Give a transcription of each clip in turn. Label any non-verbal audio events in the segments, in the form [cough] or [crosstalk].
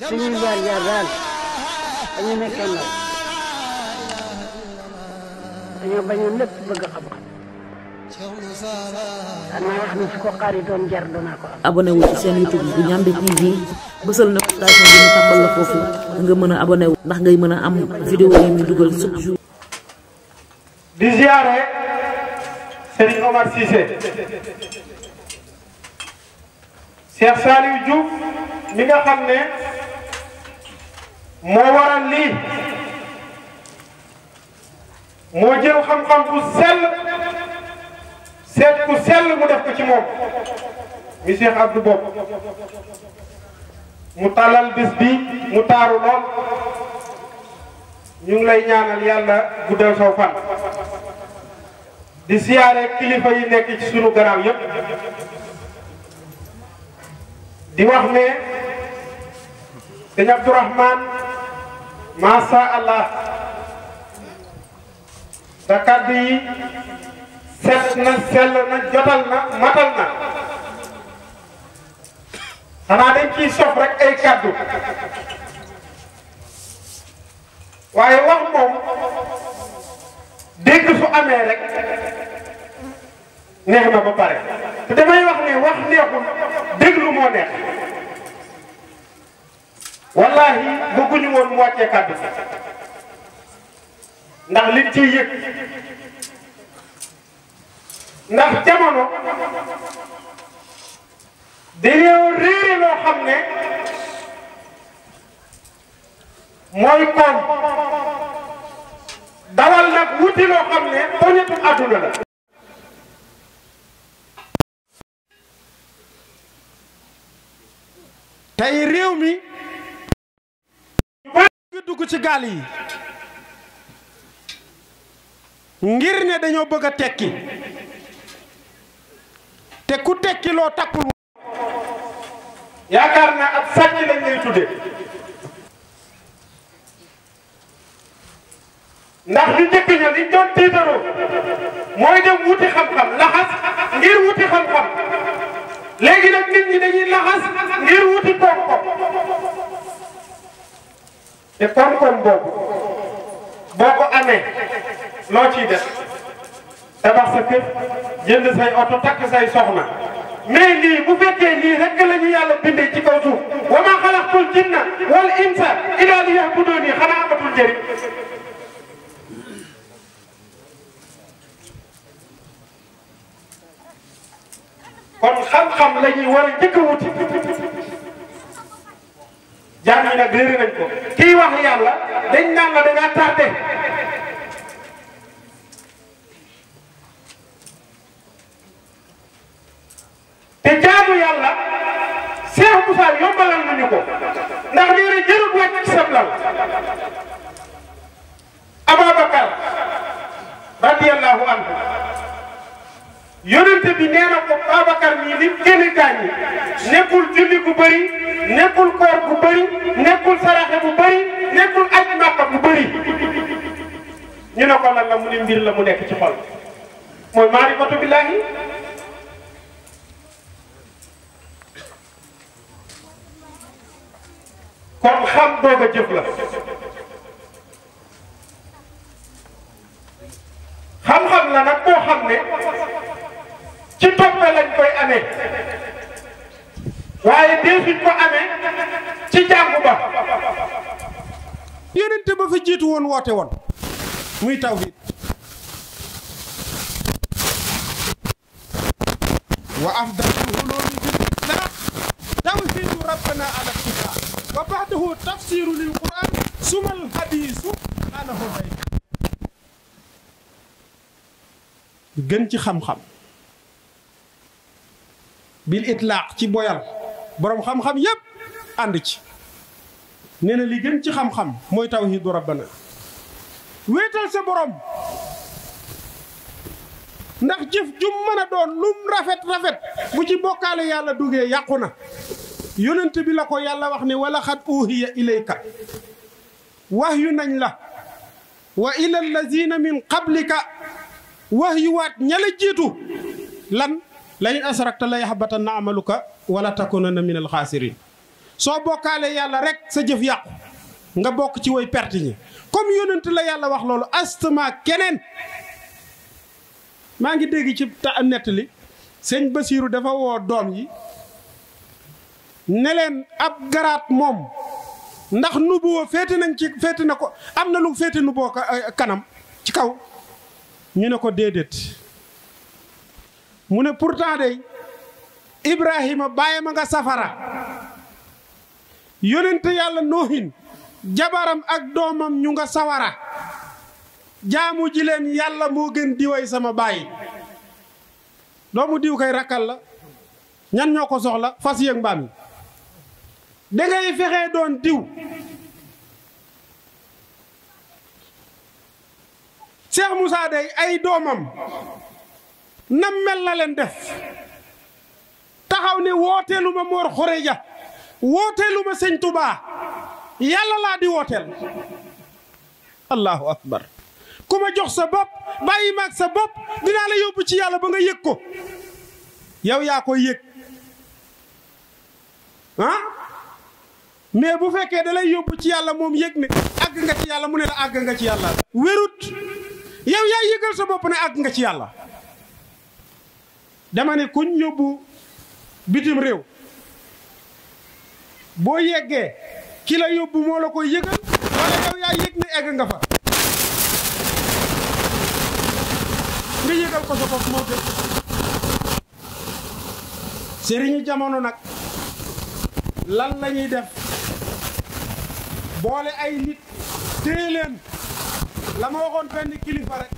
suñuy jaar-jaar daal dañu nekkee ndaw dañoo bañoon lépp bëgg xam-xam xanaa wax na su ko xaaritoon jar danaa ko am. abonné wu ci seen bu Ndiamé TV bësal na station bi nga mën a abonné ndax ngay mën a am vidéo yi ñu dugal chaque jour. di ziare Serigne Omar Cissé. Cheikh Saliou Diouf mi nga xam ne. moo waral lii moo jël xam-xam bu sell seet ku sell mu def ko ci moom mi Cheikh Abdou Bopp mu tàllal bis bi mu taaru lool ñu ngi lay ñaanal yàlla guddal saw fan di siyaare kilifa yi nekk ci sunu gannaaw yépp di wax ne sëñ Abdourahman macha allah te kàddu yi set na sell na jotal matal na xanaa dañ ciy sof rek ay kàddu waaye wax moom dégg su amee rek neex na ba pare te damay wax ne wax neexul déglu moo neex. wallahi bëgguñu woon mu wàccee kàddu ndax liñ ciy yëg ndax jamono dañoo réere loo xam ne mooy koom dawal nag wuti loo xam ne poñetu àdduna la tey réew mi bëgg dugg ci gaal yi ngir ne dañoo bëgg a tekki te ku tekkiloo loo takkul yaakaar naa ab sàcc lañ lay tudde ndax ñu njëkk ña liñ doon tiitaroo mooy dem wuti xam-xam laxas ngir wuti xam-xam léegi nag nit ñi dañuy laxas ngir wuti koom te koom-koom boobu boo ko amee loo ciy def tabax sa kër jënd say oto takk say soxna mais lii bu fekkee lii rek la ñu yàlla bindee ci kaw suuf wa ma xalaqtul jinna wal insa illa liya'buduni xanaa amatul njëriñ kon xam-xam la ñuy war a njëkk a wuti jàng nag réer nañ ko kii wax yàlla dañ naan la da ngaa tardé. la mu ne mbir la mu nekk ci xol mooy maarifatu billaahi kon xam doog a jëf la xam-xam la nag boo xam ne ci toppe lañ koy amee waaye deesuñ ko amee ci jàng ba yonente ba fa jiitu woon woote woon muy taw bi gën ci xam-xam bil itlaaq ci boyal boroom xam-xam yépp ànd ci nee na li gën ci xam-xam mooy tawhidu rabbana wéetal sa borom ndax jëf jum mën a doon lum rafet rafet bu ci bokkaale yàlla duggee yàqu na yonent bi la ko yàlla wax ne wala xat uuhiya ilayka wax yu nañ la wa ila allazina min qablika wax yuwaat ña la jiitu lan la in asrakta la yaxbatan na amaluka wala takunanna minal xaasirin soo bokkaalee yàlla rek sa jëf yàqu nga bokk ci woy perte ñi comme yonent la yàlla wax loolu astama keneen maa ngi dégg ci ta nettali sëñ Basiiru dafa woo doom yi ne ab garaat moom ndax nubuwa féete nañ ci féete na ko am na lu féete nuboo kanam ci kaw ñu ne ko déedéet mu ne pourtant de Ibrahima bàyyi ma nga safara yonent yàlla noohin jabaram ak doomam ñu nga sawara jaamu ji leen yàlla moo gën diway sama baay doomu diw kay rakkal la ñan ñoo ko soxla fas yéeg mbaam yi da ngay fexee doon diw Cheikh Moussa day ay doomam nam mel na leen def taxaw ne wooteelu ma Mor Khoreja wooteelu ma Sëñ Tubaa yàlla laa di wooteel allahu akbar ku jox sa bopp bàyyi maag sa bopp dinaa la yóbbu ci yàlla ba nga yég ko yow yaa koy yëg ah mais bu fekkee da lay yóbbu ci yàlla moom yëg ne àgg nga ci yàlla mu ne la àgg nga ci yàlla wérut yow yaa yëgal sa bopp ne àgg nga ci yàlla dama ne kuñ yóbbu bitim réew boo yeggee ki la yóbbu moo la koy yëgal wala yow yaa yëg ne egg nga fa nga yëgal ko sa bopp moo gën sëriñu jamono nag lan lañuy def boole ay nit téye leen la waxoon benn kilifa rek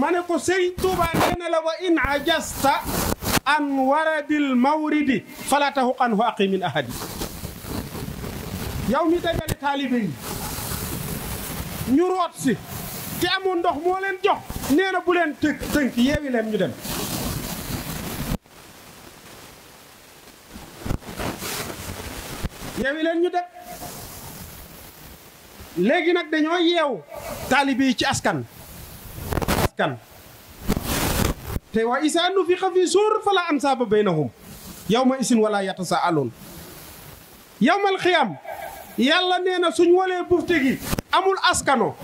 ma ne ko sëriñ Tuuba nee na la wa in ajasta an waradil mawridi fala taxu aqi min ahadi yow dajale taalibe ñu root te amul ndox moo leen jox nee na tënk ñu dem yeewi leen ñu dem léegi nag dañoo yeew taalibe yi ci askan askan te wa isaa nufixa fi suur fala ansaaba baynahum yawma isin wala yatasaaluun yawmal xiyaam yàlla nee na suñ wolee bufte gi amul askano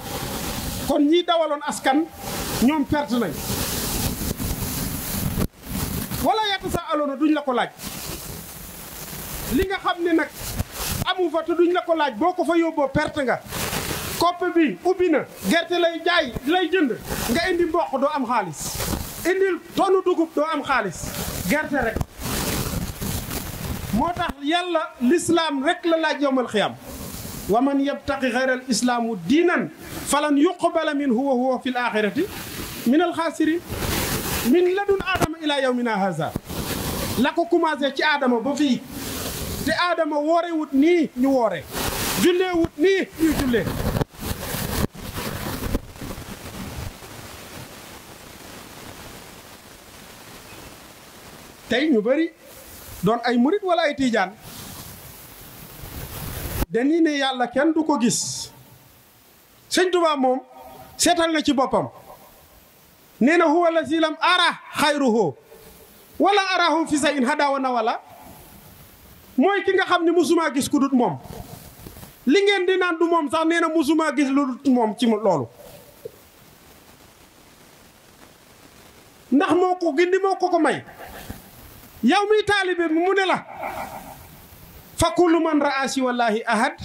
kon ñii dawaloon askan ñoom perte nañ wala yatasaaluuna duñ la ko laaj li nga xam ne nag amu fa te duñ la ko laaj boo ko fa yóbboo perte nga kopp bi ubbi na gerte lay jaay lay jënd nga indi mboq doo am xaalis indil tonu dugub doo am xaalis gerte rek moo tax yàlla lislaam rek la laaj yowmal xiyam wa man yabtaqi xayra al islaamu diinan falan yuqbala minhu wa huwa fi l axirati min al xaasirin min ladun aadama ila yawmina haza la ko commencé ci aadama ba fii te aadama woorewut nii ñu woore julleewut nii ñu jullee tey ñu bari doon ay murit wala ay tiijaan dañuy ne yàlla kenn du ko gis sëñ Tuubaa moom seetal na ci boppam nee na huwa lazi lam ara xayruhu wala arahu fi sa in hadawa na wala mooy ki nga xam ne musumaa gis ku moom li ngeen di naan du moom sax nee na musumaa gis lu dut moom ci loolu ndax moo ko gindi moo ko ko may yow mi taalibe mu fa kullu man raasi wallahi ahad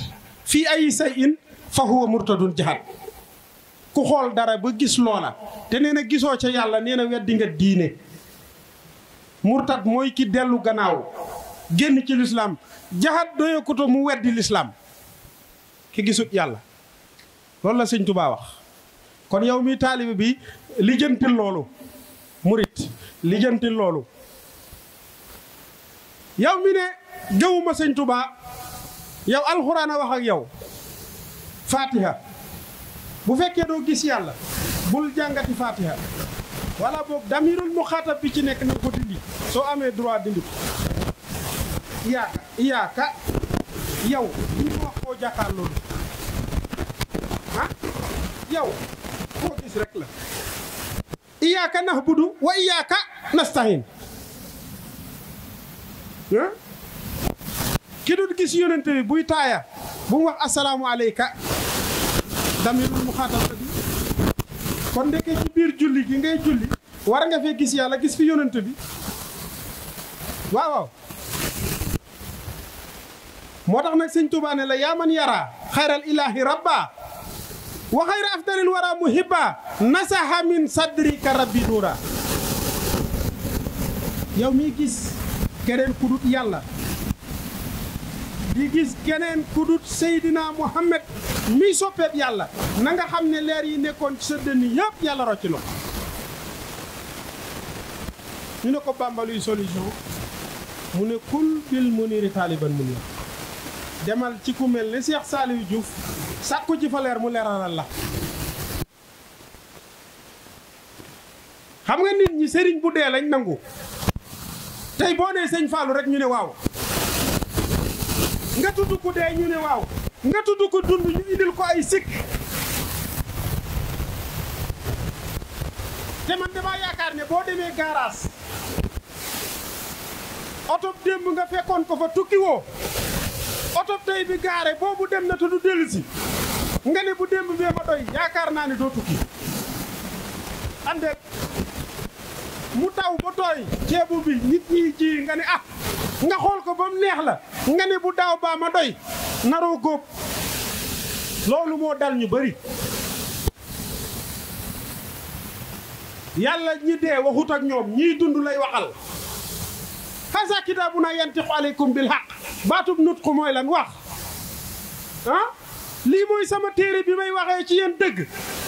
fi ayi sayin fa huwa murtadun jahad ku xol dara ba gis lola te nee giso gisoo ca yàlla nee weddi nga diine murtad moy ki delu gannaaw genn ci l'islam jahad doyo kuto mu weddi l'islam ki gisut yalla lol la seigne touba wax kon yow mi taalibe bi lolu murid li lolu yow mi ne gëwuma sëñ Tuubaa yow alxuraan a wax ak yow faatiha bu fekkee doo gis yàlla bul jàngati faatiha wala boog damirul mu xaatab bi ci nekk na ko soo amee droit dindi ko iyaaka iyaaka yow li ñu wax koo jàkkaar loolu ah yow koo gis rek la iyaaka nax budu wa iyaaka nastahin ki dul gis yonente bi buy taaya bu mu wax assalaamu alayka damirul mu xaatal bi kon ndeke ci biir julli gi ngay julli war nga fee gis yàlla gis fi yonente bi waaw waaw moo tax nag sëñ ne la yaa man yara xayral ilahi rabba wa xayra afdalil wara muhibba nasaha min sadrika rabbi nuura yow mi gis keneen ku yàlla di gis geneen ku dut Seydina Mohamed mi soppeeb yàlla na nga xam ne leer yi nekkoon ci sa dënn yëpp yàlla rocc na ñu ne ko Bàmba luy mu ne kul bil muniri taaliban mu ne demal ci ku mel ne Cheikh Saliou Diouf sàkku ci fa leer mu leeralal la xam nga nit ñi sëriñ bu dee lañ nangu tey boo nee sëñ Fallou rek ñu ne waaw nga tudd ko dee ñu ne waaw nga tudd ko dund ñu indil ko ay sikk te man damaa yaakaar ne boo demee garage oto démb nga fekkoon ko fa tukki woo oto tey bi gaare boobu dem na te du dellu nga ne bu démb bee ma doy yaakaar naa ne doo tukki ànd ak mu taw ba tooy ceebu bi nit ñi ji nga ne ah nga xool ko ba mu neex la nga ne bu daaw baa ma doy naroo góob loolu moo dal ñu bëri yàlla ñi dee waxut ak ñoom ñiy dund lay waxal xasa kitaabu naa yantiqu aleykum bil xaq baatub nut ko mooy lan wax ah? lii mooy sama téere bi may waxee ci yéen dëgg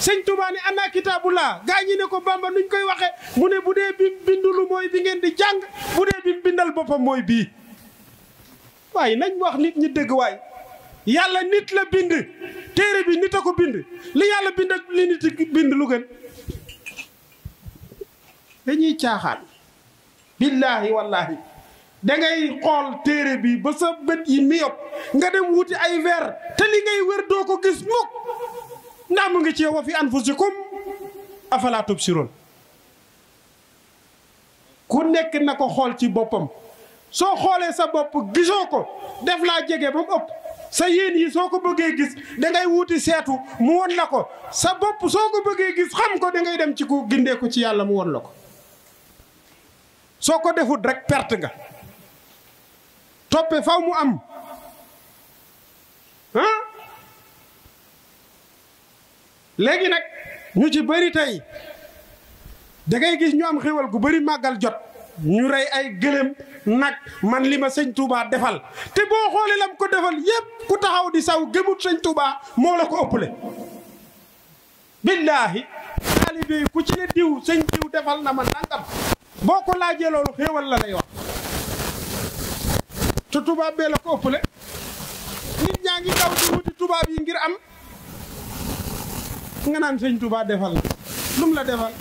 sëñ Tuubaa ni ana kitaabulaa gaa ñi ne ko Bamba nuñ koy waxee mu ne bu dee bim bindulu mooy bi ngeen di jàng bu dee bim bindal boppam mooy bii waaye nañ wax nit ñi dëgg waay yàlla nit la bind téere bi nit a ko bind li yàlla bind ak li nit bind lu gën dañuy caaxaan billaahi wallaahi dangay xool téere bi ba sa bët yi mi yopp nga dem wuti ay weer te li ngay wér doo ko gis mukk ndax mu ngi ci wa fi anfusikum afala tubsirun ku nekk na ko xool ci boppam soo xoolee sa bopp gisoo ko def laa jege ba mu ëpp sa yéen yi soo ko bëggee gis da ngay wuti seetu mu won la ko sa bopp soo ko bëggee gis xam ko da ngay dem ci ku gindee ko ci yàlla mu won la ko soo ko defut rek perte nga toppe faw mu am ah léegi nag ñu ci bëri tey dangay gis ñu am xéwal gu bari màggal jot ñu rey ay gëlëm nag man li ma sëñ Touba defal te boo xoolee lam ko defal yépp ku taxaw di saw gëmut sëñ Touba moo la ko ëppale billaahi taalibe yi ku ci ne diw sëñ diw defal na ma nangam boo ko laajee loolu xéewal la lay wax te tubaab bee la ko ëppale nit ñaa ngi daw di wuti tubaab yi ngir am nga naan sëñ tubaab defal la lum la defal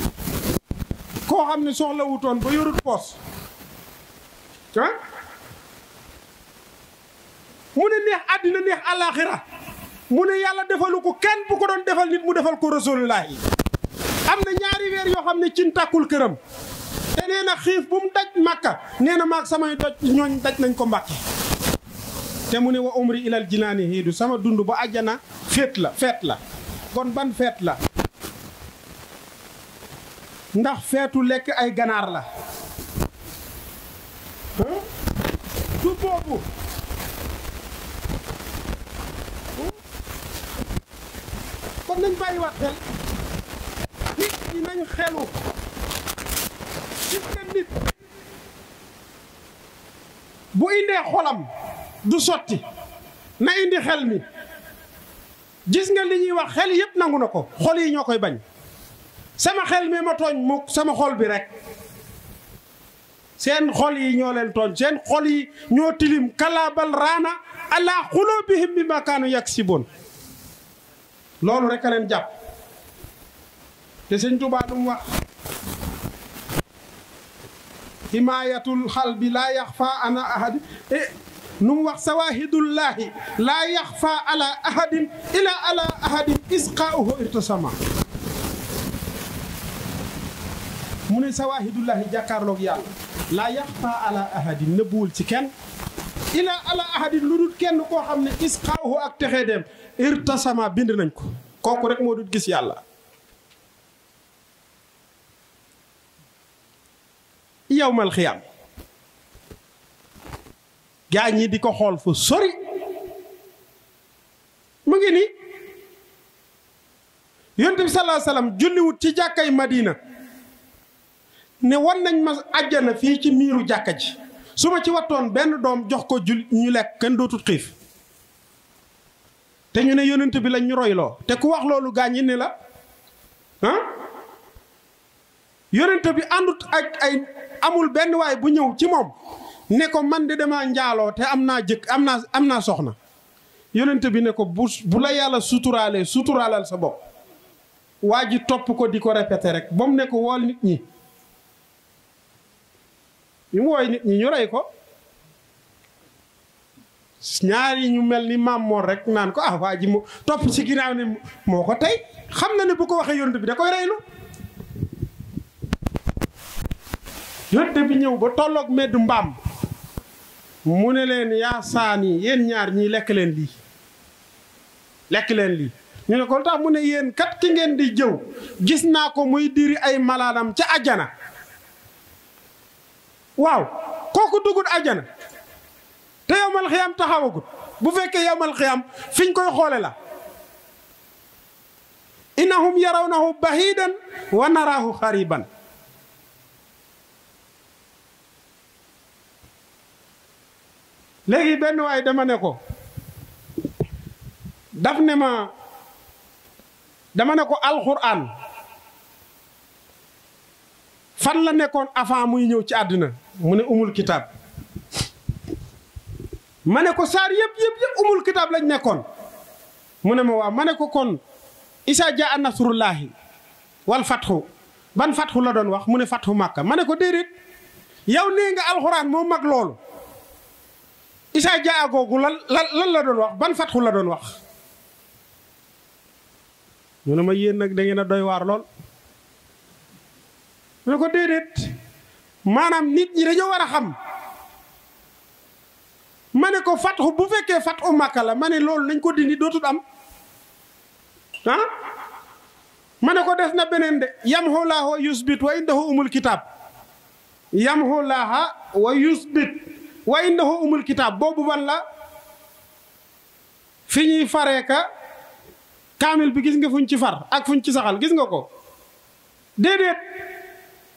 koo xam ne soxla wutoon ba yorut poos ah mu ne neex àddina neex àllaaxira mu ne yàlla defalu ko kenn bu ko doon defal nit mu defal ko rasulullah yi am na ñaari weer yoo xam ne cin tàkkul këram te nee na xiif bu mu daj màkka nee na maag samay doj ñooñ daj nañ ko mbàkke te mu ne wa umri ilal jinaani hiidu sama dund ba àjjana féet la feet la kon ban feet la ndax feetu lekk ay ganaar la du kon nañ bàyyi waat xel nit ñi nañ xelu nit bu indee xolam du sotti na indi xel mi gis nga li ñuy wax xel yëpp nangu na ko xol yi ñoo koy bañ sama xel mi ma tooñ mukk sama xol bi rek seen xol yi ñoo leen tooñ seen xol yi ñoo tilim kalaabal raana ala xulubihim bi makaanu yaksiboon loolu rek a leen jàpp te sëñ Tuubaa du wax himaayatul xal bi laa yaxfa ana ahad e, nu mu wax sawaahidullaahi laa yaxfa ala ahadin ila ala ahadin isqaauhu irtasama mu ne sawaahidullaahi jàkkaarloog yàlla laa yaxfa ala ahadin nëbbuwul ci kenn ila ala ahadin lu dul kenn koo xam ne isqaauhu ak texee dem irtasama bind nañ ko kooku rek moo dul gis yàlla yawmal xiyaam gaa ñi di ko xool fu sori mu ngi nii yonent bi sallallahu alayhi julliwut ci jàkkay Madina ne wan nañ ma àjjana fii ci miiru jàkka ji su ma ci wattoon benn doom jox ko jul ñu lekk kenn dootul xiif te ñu ne yonent bi lañ ñu royloo te ku wax loolu gaa ñi ne la ah? yonent bi àndut ak ay amul benn waay bu ñëw ci moom ne ko man de demaa njaaloo te am naa jëkk am naa am naa soxna yonent bi ne ko bu bu la yàlla suturaalee suturaalal sa bopp waa ji topp ko di ko répété rek ba mu ne ko wool nit ñi ñu wooy nit ñi ñu rey ko ñaari ñu mel ni maam moor rek naan ko ah waa ji mu topp ci ginnaaw ne moo ko tey xam na ne bu ko waxee yonent bi da koy reylu yonte bi ñëw ba tollook meddu mbaam mu ne leen yaa saani yéen ñaar ñii lekk leen lii lekk leen lii ñu ne ko lu tax mu ne yéen kat ki ngeen di jëw gis naa ko muy diri ay malaanam ca ajana waaw kooku dugut ajana te yowmal xiyam taxawagut bu fekkee yowmal fiñ koy xoole la innahum yarawnahu bahidan wa naraahu xariban léegi benn waay dama ne ko daf ne ma dama ne ko alxuraan fan la nekkoon avant muy ñëw ci àddina mu ne umul kitaab ma ne ko saar yëpp yëpp umul kitaab lañ nekkoon mu ne ma waaw ma ne ko kon isa jaa nasrullahi wal fatxu ban fatxu la doon wax mu ne fatxu màkka ma ne ko déedéet yow nee nga alxuraan moo mag loolu isaa jaa googu lan lan la doon wax ban fatxu la doon wax ñu ma yéen nag da ngeen a doy waar lool ñu ko déedéet maanaam nit ñi dañoo war a xam ma ne ko fatxu bu fekkee fatxu màkka la ma ne loolu nañ ko dindi dootul am ah ma ne ko des na beneen de yamhu laaha wa bit wa indahu umul kitaab yamhu laaha wa yusbit wa innahu umul kitaab boobu ban la fi ñuy faree ka kaamil bi gis nga fuñ ci far ak fuñ ci saxal gis nga ko déedéet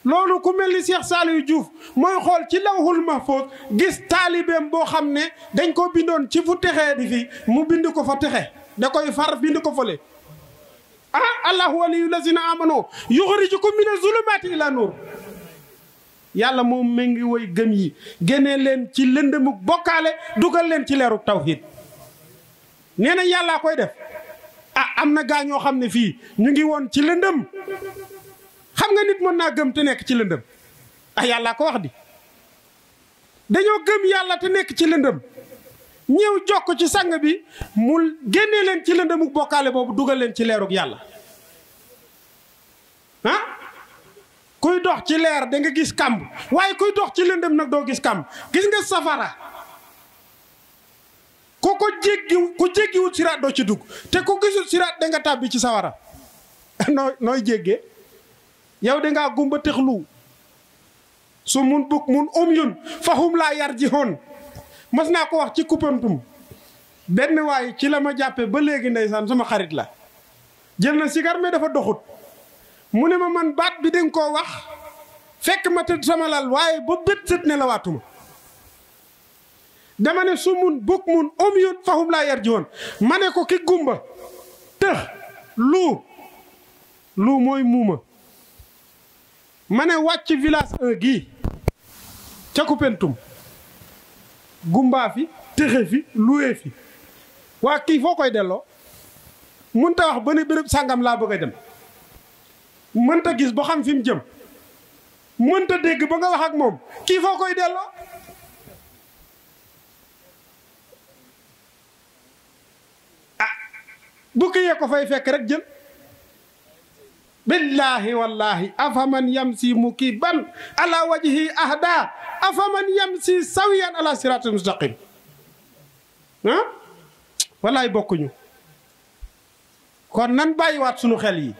loolu ku mel ni Cheikh Saliou Diouf mooy xool ci lawhul mahfuz gis taalibeem boo xam ne dañ ko bindoon ci fu texee di fi mu bind ko fa texe da koy far bind ko fële ah allahu waliyyu lazina ci yuxrijukum mina zulumaati ila nuur yàlla moom ngi woy gëm yi génnee leen ci lëndëmuk bokkaale dugal leen ci leeruk tawhid nee na yàllaa koy def a ah, am na gaa ñoo xam ne fii ñu ngi woon ci lëndëm xam nga nit mën naa gëm te nekk ci lëndëm ah yàllaa ko wax di dañoo gëm yàlla te nekk ci lëndëm ñëw jokk ci sang bi mu génnee leen ci lëndëmuk bokkaale boobu dugal leen ci leeruk yàlla ah kuy dox ci leer da nga gis kàmb waaye kuy dox ci lëndëm nag doo gis kàmb gis nga safara ku ko jéggi ku siraat doo ci dugg te ku gisul siraat da nga tàbbi ci sawara [laughs] noo nooy jéggee yow da nga gumba texlu su mun bug mun um yun fahum laa yar ji hoon mas naa ko wax ci kuppantum benn waaye ci la ma jàppe ba léegi ndeysaan sama xarit la jël na sigar mais dafa doxut mu ne ma man baat bi dañ koo wax fekk ma tëdd sama laal waaye ba bët sët ne la waatuma dama ne su bukk mun om yut fahum laa yar ji woon ma ne ko ki gumba tëx luu luu mooy muuma ma ne wàcc village 1 ca Koupentoum gumbaa fi tëxe fi luwee fi waa kii foo koy delloo munta wax ba ne béréb sàngam laa bëgg dem mënta gis boo xam fi mu jëm mënta dégg ba nga wax ak moom kii foo koy delloo ah bu ko fay fekk rek jël billahi wallahi afaman yamsi mukiban ala wajhi ahda afaman yamsi sawiyan ala siratul mustaqim ah wallaay bokkuñu kon nan bàyyiwaat sunu xel yi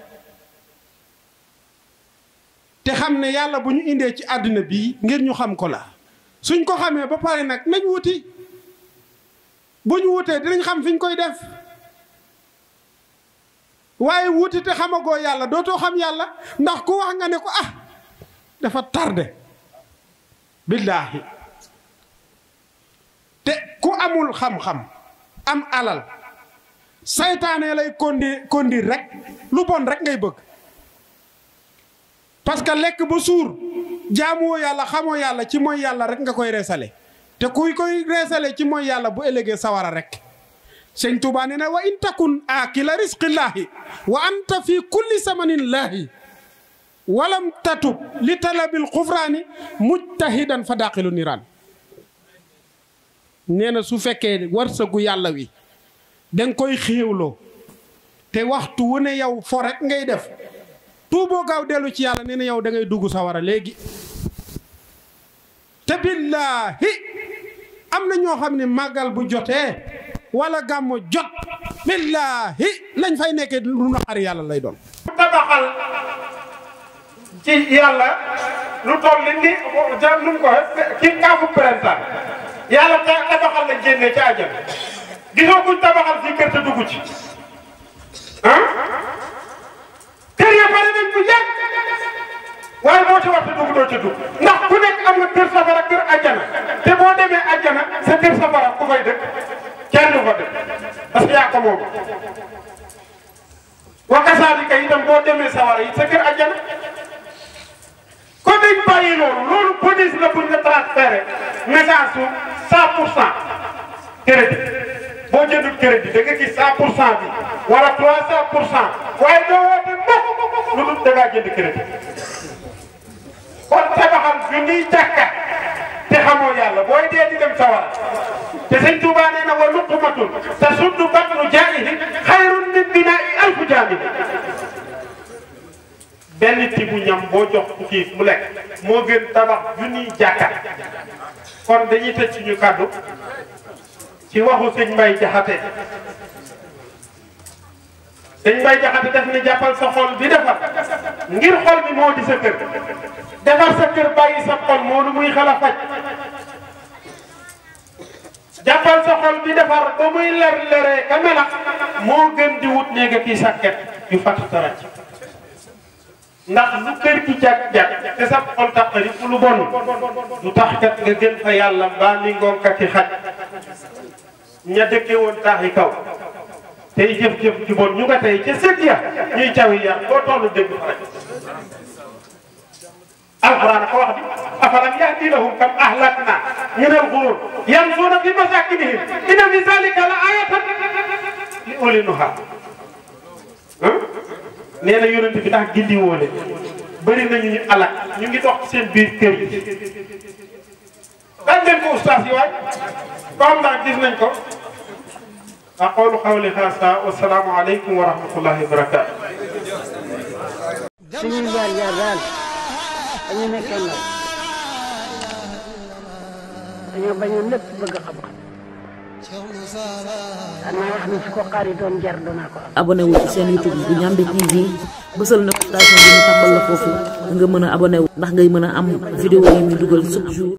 te xam ne yàlla bu ñu indee ci àddina bi ngir ñu xam ko la suñ ko xamee ba pare nag nañ wuti bu ñu wutee dinañ xam fiñ koy def waaye wuti te xamagoo yàlla dootoo xam yàlla ndax ku wax nga ne ko ah dafa tàrde billaahi te ku amul xam-xam am alal saytaane lay kondi kondi rek lu bon rek ngay bëgg parce que lek ba sour jamo yàlla xamo yàlla ci moy yàlla rek nga koy resalé te kuy koy resalé ci moy yàlla bu ëllëgee sawara rek seigne touba ne wa in takun aakila wa anta fi kulli samanin wa walam tatub li talabil xufraani mujtahidan fa daaqilu niraan nee su fekke warsagu yàlla wi dang koy xewlo te waxtu wone yow fo rek ngay def tuuboo gaaw dellu ci yàlla nee na yow dangay ngay dugg sawara léegi te billaahi am na ñoo xam ne màggal bu jotee walla gàmmu jot billaahi lañ fay nekkee lu naqari yàlla lay doon tabaxal ci yàlla lu toll ni ni ko ki kaafu printemps yàlla tabaxal la génne ci gisoo kuñ tabaxal fii kër te dugg ci ah kër ya pare nañ bu yàgg waaye boo ci waxtu dugg doo ci dugg ndax ku nekk am na kër safara kër ajjana te boo demee ajjana sa kër safara ku fay dëkk kenn fa dëkk parce que yaa ko moom wa kasaalika itam boo demee sawara it sa kër ajjana ko dañ bàyyi loolu loolu bonus la buñ la transféré message su 100 pour cent crédit boo jëndul crédit da nga gis 100 pour bi wala 300 pour cent waaye doo woote mukk lu dul da ngaa jënd crédit kon tabaxal junniy jàkka te xamoo yàlla booy dee di dem sawar te sëñ Touba na wa luqmatun tasuddu batnu jaa'ihi xayrun min binaa'i alfi jox mu lekk moo gën tabax junniy jàkka kon dañuy tëj suñu kàddu ci waxu sëñ Mbay Jaxate sëñ Bay Jaxate def na jàppal sa xol bi defar ngir xol bi moo di sa kër defar sa kër bàyyi sa xol moo lu muy xala jàppal sa xol bi defar ba muy ler leree ka melax moo gën di wut néega kii sàkket yu fatt dara ci ndax lu kër gi jag-jag te sa xol tax a lu bon lu tax kat nga gën fa yàlla mbaa mi ngoon ka xaj ña dëkke woon taax yi kaw tay jëf-jëf ci bon ñu nga tay ci sét ya ñuy cawi ya tollu toll dégg rek alquran ko wax di afalam yahdinahum kam ahlakna min alqurun yanzuna fi masakinihim inna fi zalika la ayatan li uli nuha nee na bi tax gindi wolé bari nañu ñu alak ñu ngi dox seen biir kër yi dañ leen ko ustaas yi waay comme gis nañ ko أقول قولي هذا والسلام عليكم ورحمة الله وبركاته youtube